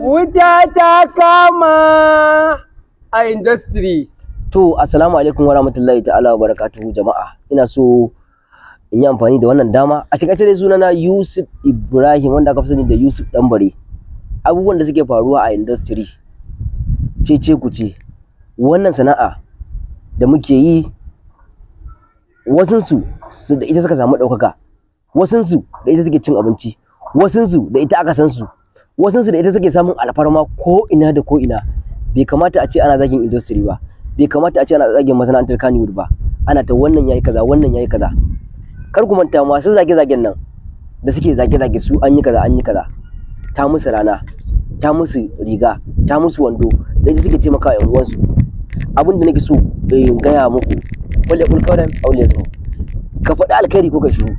Wuta ta kama a industry. To, assalamu alaikum warahmatullahi ta'ala wa barakatuhu jama'a. Ina so in yi amfani da wannan dama. A takaice dai sunana Yusuf Ibrahim wanda aka fi sani da Yusuf Dambare. Abubuwan da suke faruwa a industry ku ce. wannan sana'a da muke yi wasunsu da ita suka samu ɗaukaka wasunsu da ita suke cin abinci wasunsu da ita aka sansu. wasu su da ita suke samun alfarma ko ina da ko ina bai kamata a ce ana zagin industry ba bai kamata a ce ana zagin masana'antar kanewood ba ana ta wannan yayi kaza wannan yayi kaza kar ku manta masu zage zagen nan da suke zage zage su an yi kaza an yi kaza ta musu rana ta musu riga ta musu wando da ita suke taimaka wa yan uwansu abin da nake so in gaya muku wal kawai aure aw yazmu ka faɗi alkhairi ko ka shiru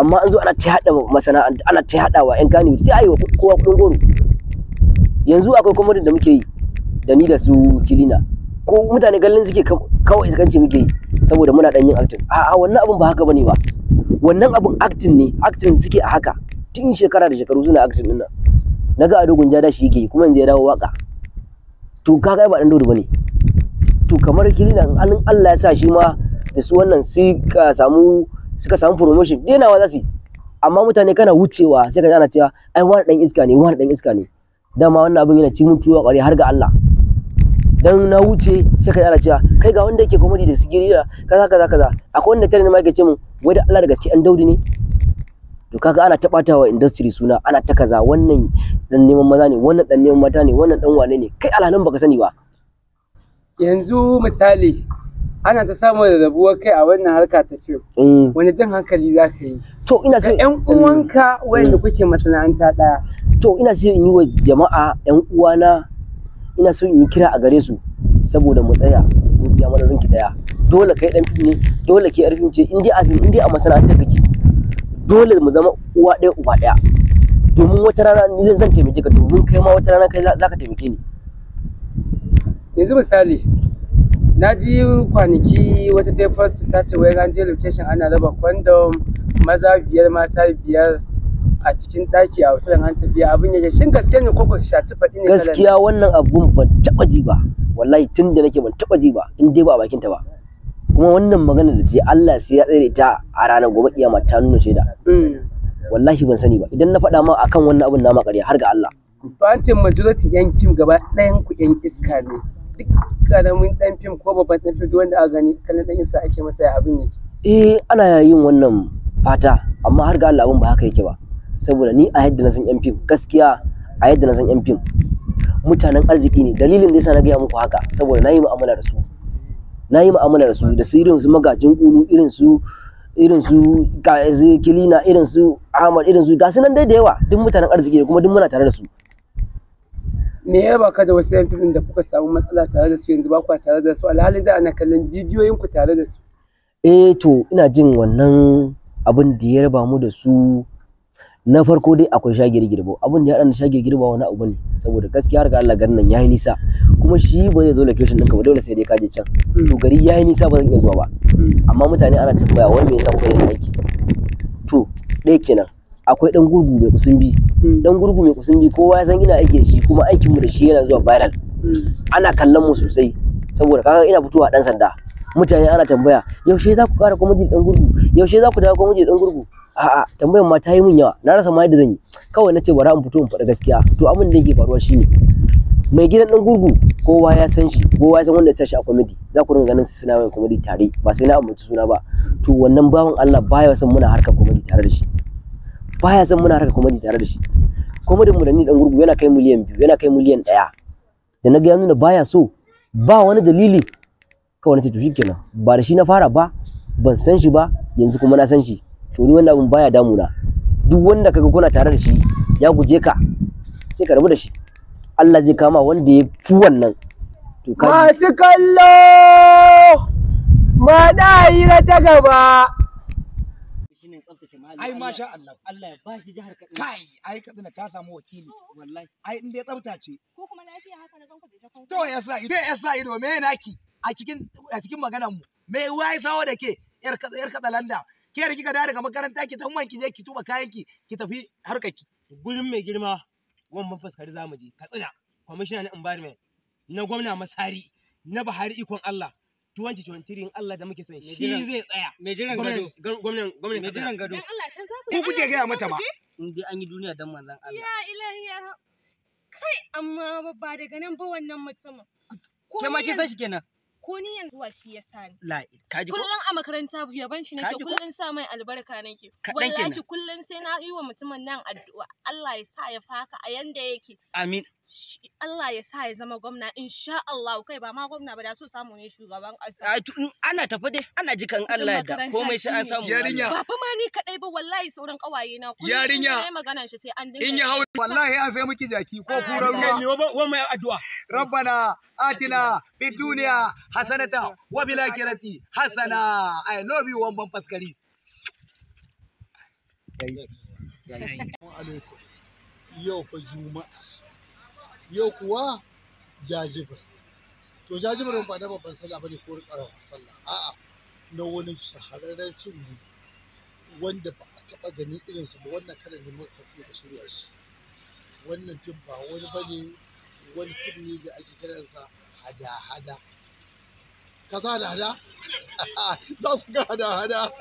amma an zo ana ta hada masana'anta ana ta wa yan kani sai ayi kowa kudin goro yanzu akwai comedy da muke yi da ni da su kilina ko mutane gallin suke kawai iskanci muke yi saboda muna dan yin acting a'a wannan abun ba haka bane ba wannan abun acting ne acting suke a haka tun shekara da shekaru suna acting din nan naga ado gunja da shi yake kuma yanzu ya dawo waka to ka ga ba dan dodo bane to kamar kilina in Allah ya sa shi ma da su wannan sai ka samu suka samu promotion denawa za zasu amma mutane kana wucewa sai ka ana cewa ai wani dan iska ne wani dan iska ne dama wannan abin yana ci mun tuwa kware har ga Allah dan na wuce sai ka ana cewa kai ga wanda yake comedy da sigiriya kaza kaza kaza akwai wanda tare ne ma yake ce mun wai da Allah da gaske an daudi ne to kaga ana ta wa industry suna ana ta kaza wannan dan neman maza ne wannan dan neman mata ne wannan dan wane ne kai alhalin baka sani ba yanzu misali ana ta samun rabuwar kai a wannan harka ta fim mm. wani jan hankali za ka yi to ina sai. yan mm. uwanka wanda mm. kuke masana'anta ɗaya to ina so in yi wa jama'a yan uwana ina so in yi kira a gare su saboda mu tsaya mu ji mana ranki daya dole kai dan fim ne dole ke arfin ce in dai a fim in dai a masana'anta kake dole mu zama uwa ɗaya uba ɗaya domin wata rana ni zan taimake ka domin kai ma wata rana kai za ka taimake ni yanzu misali na ji kwanaki wata tefas ta ce wai ranje location ana raba condom maza biyar mata biyar a cikin ɗaki a wutar an tafiya abin yake shin gaske ne koko shaci faɗi ne gaskiya wannan abun ban taɓa ji ba wallahi tun da nake ban taɓa ji ba in dai ba a bakin ta ba kuma wannan magana da ce Allah sai ya tsare ta a ranar gobe kiyama ta nuna shaida mm. wallahi ban sani ba idan na faɗa ma akan wannan abun na ma ƙarya har ga Allah ce majority yan kim gaba ɗayan ku yan iska ne duk karamin dan fim ko babban dan fim wanda a gani kallon dan insta ake masa ya abin yake eh ana yin wannan fata amma har ga Allah abin ba haka yake ba saboda ni a yadda na san yan fim gaskiya a yadda na san yan fim mutanen arziki ne dalilin da yasa na gaya muku haka saboda na yi mu'amala da su na yi mu'amala da su da su irin su magajin kunu irin su irin eh, su kilina irin su ahmad irin su gasu nan dai da yawa duk mutanen arziki ne kuma duk muna tare da su me ya baka da wasu 'yan filin da kuka samu matsala tare da su yanzu ba kwa tare da su alhalin da ana kallon bidiyoyin ku tare da su eh to ina jin wannan abin da ya raba mu da su na farko dai akwai shagir girbo abin da ya haɗa shagir girbo wani abu ne saboda gaskiya har ga Allah garin nan yayi nisa kuma shi ba zai zo location ɗinka ba dole sai dai ka je can hmm. to gari yayi nisa ba zan iya zuwa ba hmm. amma mutane ana tambaya wani me yasa kuka yi aiki to ɗaya kenan akwai ɗan gurgu mai kusan bi Mm. dan gurgu mai bi kowa ya san ina aiki da shi kuma aikin mu da shi yana zuwa viral mm. ana kallon mu sosai saboda kaga ina fitowa dan sanda mutane ana tambaya yaushe za ku kara kwamiji dan gurgu yaushe za ku dawo kwamiji dan gurgu a'a tambayar ma ta yi min yawa na rasa ma yadda zan yi kawai na ce bara in fito in faɗi gaskiya to abin da yake faruwa shine mai gidan dan gurgu kowa ya san shi kowa ya san wanda ya shi a kwamiti za ku ganin su suna yin kwamiti tare ba sai na ambaci suna ba to wannan bawan Allah baya son muna harkar kwamiti tare da shi baya san muna raka kamadi tare da shi Kamadi mu da ni dan gurgu yana kai miliyan biyu yana kai miliyan ɗaya da na ga ya nuna baya so ba wani dalili kawai na ce to shikenan ba da shi na fara ba ban san shi ba yanzu kuma na san shi to ni wannan abun baya na. duk wanda kaga kuna tare da shi ya guje ka sai ka rabu da shi Allah zai kama wanda ya fi wannan to masu kallo ma da ta gaba ai masha Allah Allah ya shi jihar Kaduna kai ai Kaduna ta samu wakili oh. wallahi ai in dai tsafta ce ko kuma lafiya haka na ganku da jakon to yasa ido yasa ido me naki a cikin a cikin maganar mu me wai sawo da ke yar yar kadalanda ke da kika dawo daga makaranta ki tamman ki je ki tuba kayan ki ki tafi harkar ki gurin mai girma gwan mun fuskari zamu je Katsina commissioner na environment na gwamna Masari na Buhari ikon Allah 2023 in Allah da muke son shi zai tsaya. Mai jiran gado. Gwamnan gwamnan Mai jiran gado. kuke gaya mata ba. In dai an yi duniya dan manzon Allah. Ya ilahi ya Kai amma ba daga nan ba wannan mutumin. Ke ma shi kenan. Ko ni yanzu wa shi ya sani. La ko. a makaranta ya shi nake sa mai albarka nake. Wallahi kullum sai na yi wa mutumin nan addu'a. Allah ya sa ya faka a yanda yake. Amin. Allah ya sa ya zama gwamna insha Allah kai ba ma gwamna ba da so samu ne shugaban ƙasa. Ana tafi dai ana jikan Allah da komai sai an samu. Yarinya. Ba fa ma ni kadai ba wallahi sauran kawaye na kuma. Yarinya. Sai maganan shi sai an dinga. In ya hau wallahi an sai miki jaki ko ah, kuran ruwa. Wa mai addu'a. Rabbana atina bi duniya hasanata wa bil akhirati hasana. I love you wan ban faskari. Yau fa Juma'a. yau kuwa jajibir to jajibirin ba na babban sallah bane ko karawa sallah a'a na wani shahararren fim ne wanda ba a taɓa ganin irinsa ba wannan kada ne muka da shirya shi wannan fim ba wani bane wani fim ne da ake kiransa hada-hada kaza da hada za ku ga hada-hada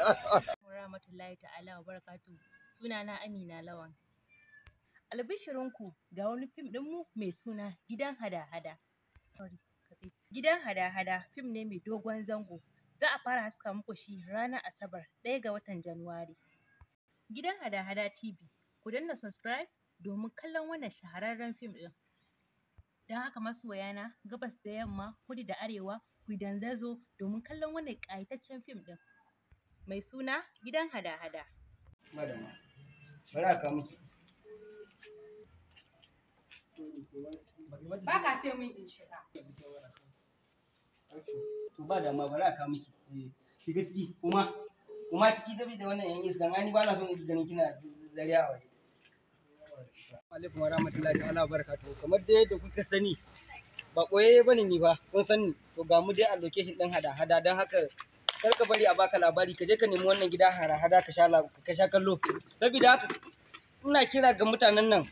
rahmatullahi ta'ala wa barakatuhu sunana amina lawan albishirinku ga wani fim ɗinmu mai suna gidan hada-hada gidan hada-hada fim ne mai dogon zango za a fara haska muku shi ranar asabar ɗaya ga watan januwari gidan hada-hada tv ku danna subscribe domin kallon wannan shahararren fim ɗin don haka na gabas da yamma kudu da arewa ku dandazo domin kallon wannan ƙayataccen fim ɗin mai suna gidan hada-hada madama bari a Ba ka ce min in shiga. To ba ma bari a ka miki. Eh, shiga ciki kuma kuma ciki tabi da wannan yan iska gani ba na son miki ganin kina zariya a waje. Alaikum warahmatullahi ta'ala barakatuhu kamar da yadda kuka sani ba koyayye bane ni ba kun sani to ga mu dai a location din hada hada don haka kar ka bari a baka labari ka je ka nemi wannan gida hada hada ka sha ka sha kallo saboda haka ina kira ga mutanen nan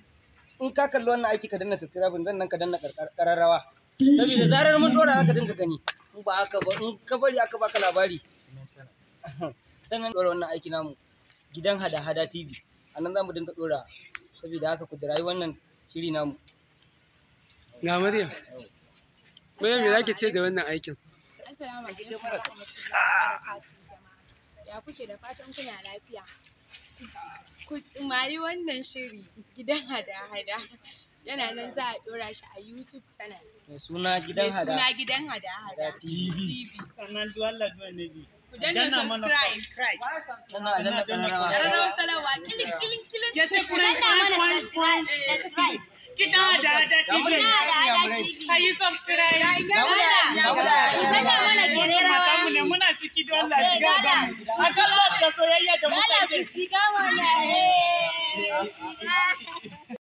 in ka kalli wannan aiki ka danna subscribe zan nan ka danna kararrawa saboda zarar mun dora zaka dinga gani in ba haka ba in ka bari aka baka labari sannan dora wannan aiki namu gidan hada-hada TV a nan zamu dinga dora saboda haka ku jira wannan shiri namu ga Maryam Maryam me zaki ce ga wannan aikin Assalamu alaikum wa rahmatullahi wa barakatuh ya kuke da fatan kuna lafiya ku tsumari wannan shiri gidan hada-hada yana nan za a ɗora shi a YouTube channel. Mai suna gidan hada. hada hada. TV. Sannan duwallar duwa ne bi. Ku danna subscribe. da kilin kilin kilin. ku danna mana subscribe. कितना दादा ठीक है आई subscribe muna muna ciki don Allah ki ga ga akan da soyayya da mutane Allah ki ga wallahi